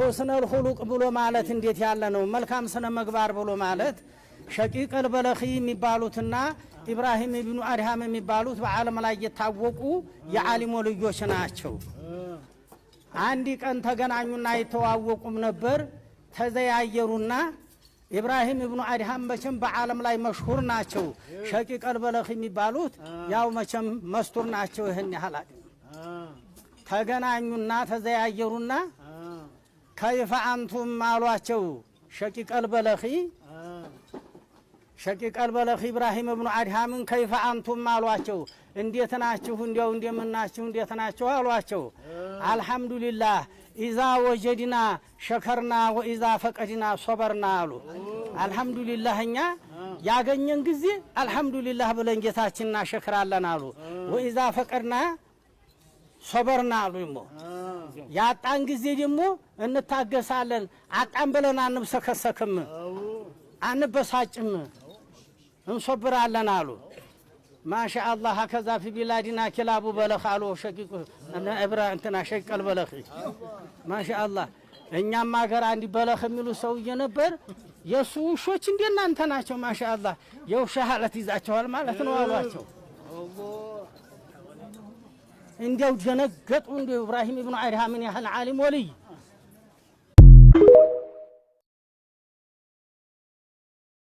ሑስነል ሁሉቅ ብሎ ማለት እንዴት ያለ ነው? መልካም ስነ ምግባር ብሎ ማለት ሸቂቀል በለኺ የሚባሉትና ኢብራሂም ኢብኑ አድሃም የሚባሉት በዓለም ላይ የታወቁ የዓሊሞ ልጆች ናቸው። አንድ ቀን ተገናኙና አይተዋወቁም ነበር። ተዘያየሩና ኢብራሂም ኢብኑ አድሃም መቼም በዓለም ላይ መሽሁር ናቸው። ሸቂቀል በለኺ የሚባሉት ያው መቼም መስቱር ናቸው። ይህን ያህል ተገናኙና ተዘያየሩና ከይፈ አንቱም አሏቸው ሸቂቀል በለኺ ሸቂቀል በለኺ ኢብራሂም እብኑ አድሃምን ከይፈ አንቱም አሏቸው። እንዴት ናችሁ? እንዲያው እንደምናችሁ እንዴት ናችሁ አሏቸው። አልሐምዱሊላህ ኢዛ ወጀድና ሸከርና ወኢዛ ፈቀድና ሶበርና አሉ። አልሐምዱሊላህ እኛ ያገኘን ጊዜ አልሐምዱሊላህ ብለን ጌታችን እናሸክራለን አሉ። ወኢዛ ፈቀድና ሶበርና አሉ ሞ ያጣን ጊዜ ደግሞ እንታገሳለን። አጣን ብለን አንብሰከሰክም፣ አንበሳጭም፣ እንሶብራለን አሉ። ማሻ አላህ ከዛ ፊ ቢላዲና ኪላቡ በለኽ አሉ ሸቂቁ እብራ እንትና ሸቀል በለኽ ማሻ አላህ እኛም ሀገር አንድ በለኽ የሚሉ ሰውዬ ነበር። የእሱ ውሾች እንደ እናንተ ናቸው። ማሻ አላህ የውሻ ሀለት ይዛቸዋል ማለት ነው አሏቸው። عندي وجنقت عندي إبراهيم بن عريها من أهل عالم ولي